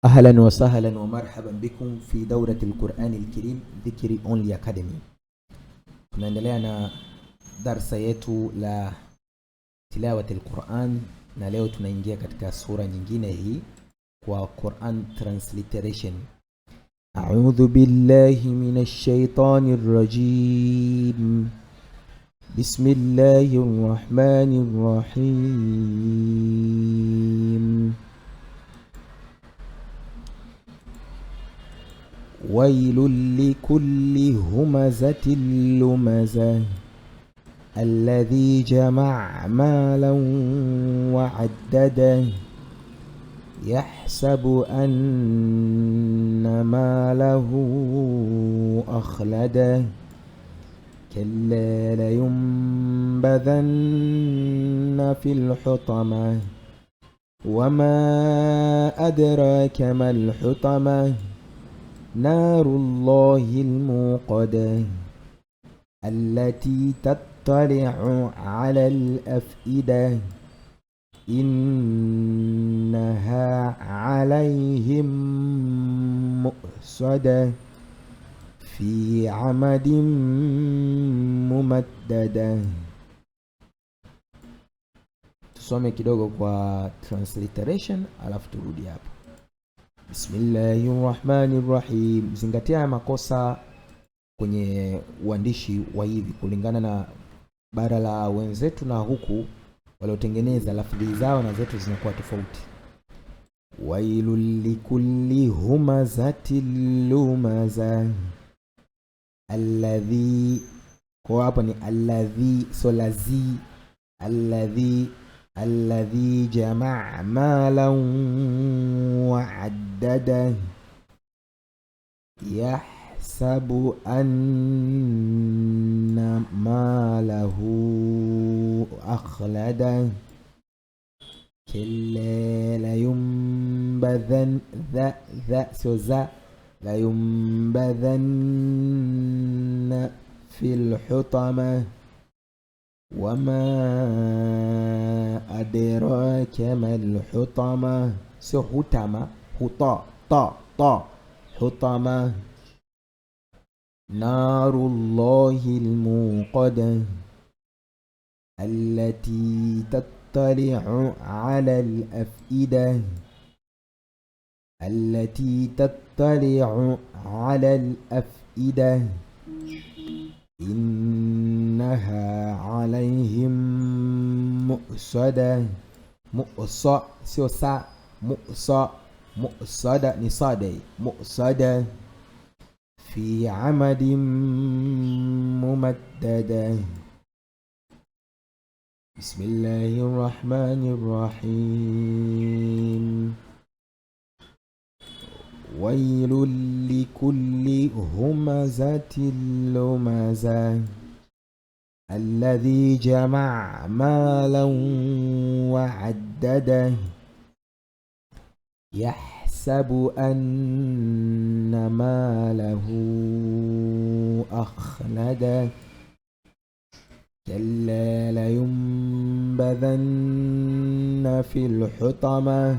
Ahlan wa sahlan wa marhaban bikum fi daurati lqurani alkarim Dhikri Only Academy. Tunaendelea na darsa yetu la tilawati lquran, na leo tunaingia katika sura nyingine hii kwa Quran transliteration. A'udhu billahi minash shaitani rrajim Bismillahir rahmanir rahim ويل لكل همزة لمزة الذي جمع مالا وعدده يحسب أن ماله أخلده كلا لينبذن في الحطمة وما أدراك ما الحطمة نار الله الموقدة التي تطلع على الأفئدة إنها عليهم مؤصدة في عمد ممددة tusome kidogo kwa ترانسليتريشن alafu turudi hapa Bismillahir Rahmanir Rahim. Zingatia haya makosa kwenye uandishi wa hivi kulingana na bara la wenzetu na huku waliotengeneza lafdhi zao na zetu zinakuwa tofauti. Wailul likulli humazatil lumaza alladhi, kwa hapo ni alladhi, so lazi alladhi الذي جمع مالا وعدده يحسب أن ماله أخلده كلا لينبذن ذا ذا سوزا لينبذن في الحطمه وما أدراك ما الحطمة سحتمة حطا طا طا حطمة نار الله الموقدة التي تطلع على الأفئدة التي تطلع على الأفئدة إنها عليهم مؤسدة مؤصة سوسا سا مؤصة مؤصدة نصادي مؤصدة في عمد ممددة بسم الله الرحمن الرحيم ويل لكل همزة لمزة الذي جمع مالا وعدده يحسب أن ماله أخلده كلا لينبذن في الحطمة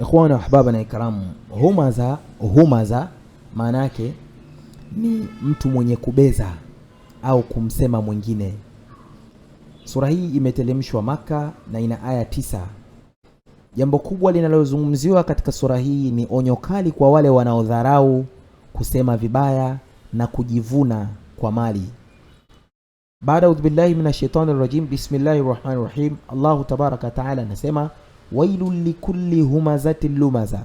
Ikhwana ahbaba na ikramu, humaza humaza maana yake ni mtu mwenye kubeza au kumsema mwingine. Sura hii imetelemshwa Maka na ina aya tisa. Jambo kubwa linalozungumziwa katika sura hii ni onyo kali kwa wale wanaodharau, kusema vibaya na kujivuna kwa mali. Baada audhubillahi billahi rajim, bismillahi rahmani rahim, Allahu tabaraka wataala anasema wailu likulli humazati lumaza,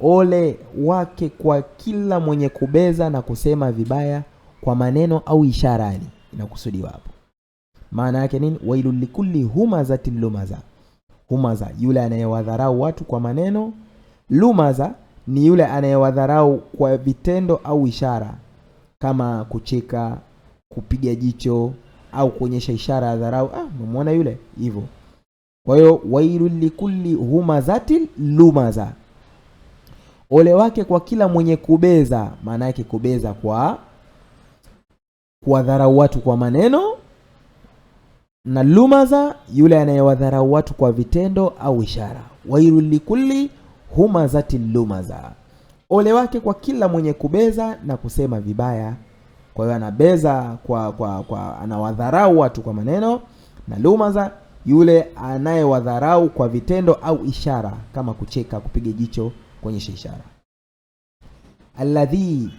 ole wake kwa kila mwenye kubeza na kusema vibaya kwa maneno au ishara. Yani inakusudiwa hapo, maana yake nini? wailu likulli humazati lumaza. Humaza yule anayewadharau watu kwa maneno, lumaza ni yule anayewadharau kwa vitendo au ishara kama kucheka, kupiga jicho au kuonyesha ishara ya dharau. Ah, umemwona yule hivyo. Kwa hiyo wailul likulli humazatin lumaza, ole wake kwa kila mwenye kubeza. Maana yake kubeza kwa kuwadharau watu kwa maneno, na lumaza yule anayewadharau watu kwa vitendo au ishara. Wailul likulli humazatin lumaza, ole wake kwa kila mwenye kubeza na kusema vibaya. Kwa hiyo anabeza kwa, kwa, kwa anawadharau watu kwa maneno na lumaza yule anayewadharau kwa vitendo au ishara kama kucheka, kupiga jicho, kuonyesha ishara. Alladhi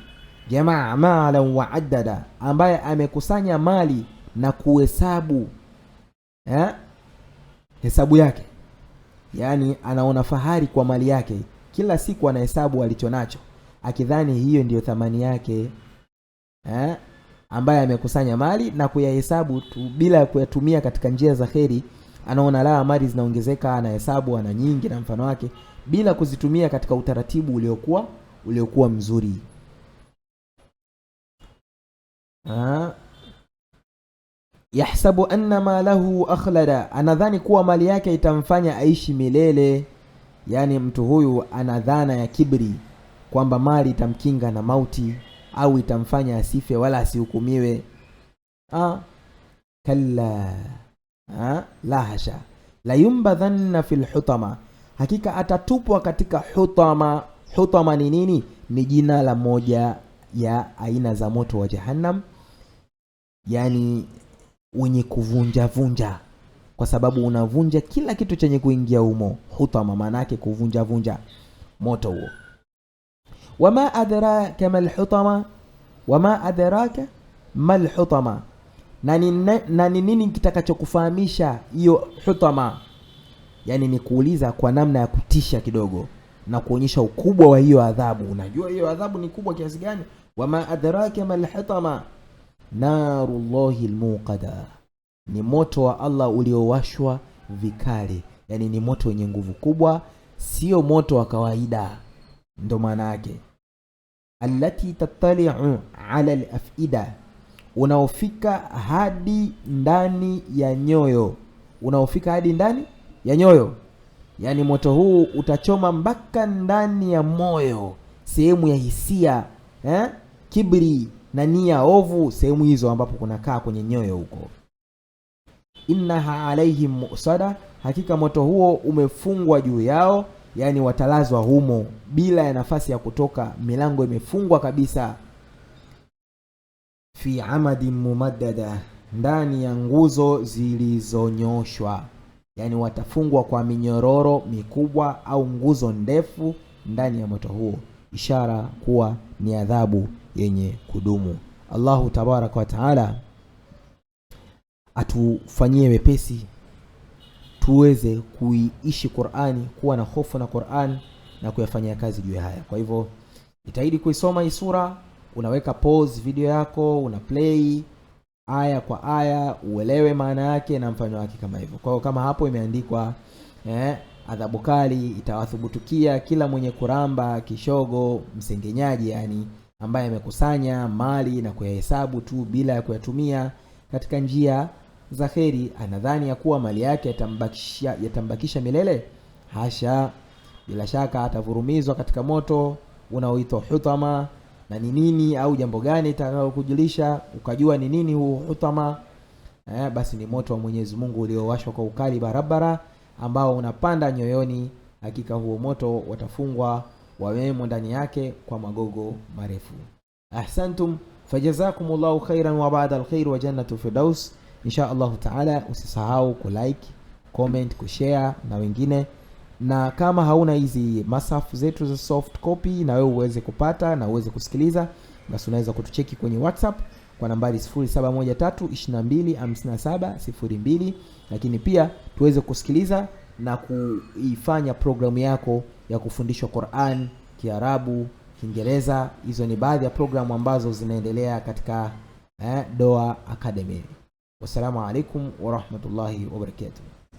jamaa malan wa addada, ambaye amekusanya mali na kuhesabu eh, hesabu yake, yaani anaona fahari kwa mali yake, kila siku anahesabu alichonacho, akidhani hiyo ndiyo thamani yake eh, ambaye amekusanya mali na kuyahesabu tu bila kuyatumia katika njia za kheri anaona la mali zinaongezeka, anahesabu, ana nyingi na mfano wake, bila kuzitumia katika utaratibu uliokuwa uliokuwa mzuri. ha? Ah. yahsabu anna malahu akhlada, anadhani kuwa mali yake itamfanya aishi milele. Yaani mtu huyu ana dhana ya kibri kwamba mali itamkinga na mauti au itamfanya asife wala asihukumiwe. Ah. kalla la hasha, la yumbadhanna fil hutama, hakika atatupwa katika hutama. Hutama ni nini? Ni jina la moja ya aina za moto wa Jahannam, yani wenye kuvunja vunja, kwa sababu unavunja kila kitu chenye kuingia humo. Hutama maana yake kuvunja vunja moto huo. Wama adraka mal hutama, wama adraka mal hutama na ni nini kitakachokufahamisha hiyo hutama? Yani ni kuuliza kwa namna ya kutisha kidogo na kuonyesha ukubwa wa hiyo adhabu. Unajua hiyo adhabu ni kubwa kiasi gani? wama adraka mal hutama narullahi almuqada, ni moto wa Allah uliowashwa vikali. Yani ni moto wenye nguvu kubwa, sio moto wa kawaida, ndo maana yake. allati tattali'u ala alafida unaofika hadi ndani ya nyoyo, unaofika hadi ndani ya nyoyo. Yaani moto huu utachoma mpaka ndani ya moyo, sehemu ya hisia eh, kibri na nia ovu, sehemu hizo ambapo kunakaa kwenye nyoyo huko. Innaha alaihim musada, hakika moto huo umefungwa juu yao, yaani watalazwa humo bila ya nafasi ya kutoka, milango imefungwa kabisa fi amadin mumaddada, ndani ya nguzo zilizonyoshwa, yaani watafungwa kwa minyororo mikubwa au nguzo ndefu ndani ya moto huo, ishara kuwa ni adhabu yenye kudumu. Allahu tabaraka wa taala atufanyie wepesi tuweze kuiishi Qur'ani, kuwa na hofu na Qur'an na kuyafanyia kazi juu ya haya. Kwa hivyo jitahidi kuisoma hii sura unaweka pause video yako, una play aya kwa aya, uelewe maana yake na mfano wake, kama hivyo. Kwa hiyo kama hapo imeandikwa eh, adhabu kali itawathubutukia kila mwenye kuramba, kishogo, msengenyaji, yani ambaye amekusanya mali na kuyahesabu tu bila ya kuyatumia katika njia za heri, anadhani ya kuwa mali yake yatambakisha, yatambakisha milele. Hasha! Bila shaka atavurumizwa katika moto unaoitwa hutama na ni nini au jambo gani itakalokujulisha ukajua ni nini huu hutama eh, basi ni moto wa Mwenyezi Mungu uliowashwa kwa ukali barabara ambao unapanda nyoyoni. Hakika huo moto watafungwa wawemo ndani yake kwa magogo marefu. Ahsantum, fajazakumullahu khairan wa baada alkhair wa jannatu firdaus insha allahu taala. Usisahau kulike, comment, kushare na wengine na kama hauna hizi masafu zetu za soft copy, na wewe uweze kupata na uweze kusikiliza, basi unaweza kutucheki kwenye WhatsApp kwa nambari 0713225702 lakini pia tuweze kusikiliza na kuifanya programu yako ya kufundishwa Qur'an, Kiarabu, Kiingereza. Hizo ni baadhi ya programu ambazo zinaendelea katika eh, Doa Academy. Wassalamu alaikum warahmatullahi wabarakatuh.